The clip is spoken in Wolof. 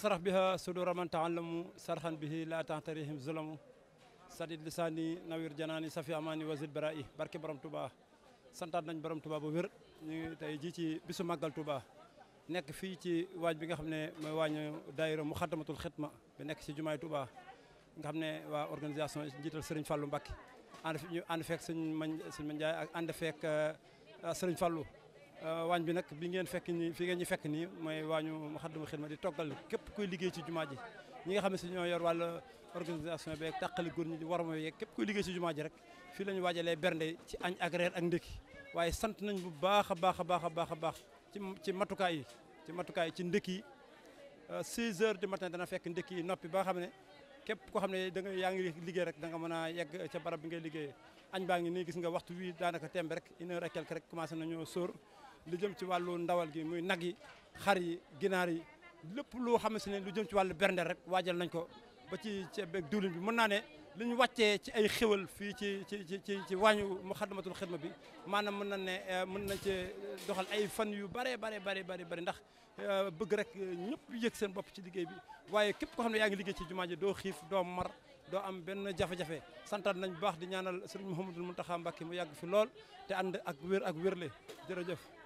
sarax biha sudura man taallamu sarxan bihi la tantarihim zulamu sadid lisaani nawir janaani safi amaani wasid bara'i barke borom tubaa santaat nañ borom tubaa bu wér ñu tey ji ci bisu màggal tubaa nekk fii ci waañ bi nga xam ne mooy waañu daayira Muxaddamatul Xidma bi nekk ci jumaay Touba nga xam ne waa organisation njiital Serigne fallu Mbacké ànd fi ñu ànd feek sëñ ak ànd feek euh, Serigne Euh, waañ bi nag bi ngeen fekk ni fi ngeen ñu fekk ni mooy waañu Moukhaddamatoul ma di toggal képp koy liggéey ci jumaa ji ñi nga xam ne si ñoo yor wàllu organisation beeg tàqali góor ñi di warma yeeg képp kuy liggéey ci jumaa ji rek fii la ñu waajalee bernde ci añ ak reer ak waaye sant nañ bu baax a baax a baax a baax a baax ci ci matukaay yi ci matukaay yi ci ndékki yi 6 euh, heures du matin dana fekk ndékki yi noppi ba nga ne képp koo xam ne da nga yaa ngi liggéey rek danga nga mën a yegg ca barab bi ngay liggéey añ baa ngi ni gis nga waxtu wi daanaka temb rek une heure et quelque rek commencé nañoo sóor lu jëm ci wàllu ndawal gi muy nag yi xar yi ginaar yi lépp loo xam ne lu jëm ci wàllu bernde rek waajal nañ ko ba ci ceeb beeg diwlin bi mën naa ne li ñu wàccee ci ay xéwal fii ci ci ci ci ci wàññi Moukhaddamatoul Khidma bi maanaam mën na ne eh, mën na ci doxal ay fan yu bare bare bare bare bare ndax eh, bëgg rek ñëpp yëg seen bopp ci liggéey bi waaye képp koo xam ne yaa ngi liggéey ci jumaa ji doo xiif doo mar doo am benn jafe-jafe santaat nañ bu baax di ñaanal sëriñ Mouhamadul Mountakha Mbacké mu yàgg fi lool te ànd ak wér ak wérle jërëjëf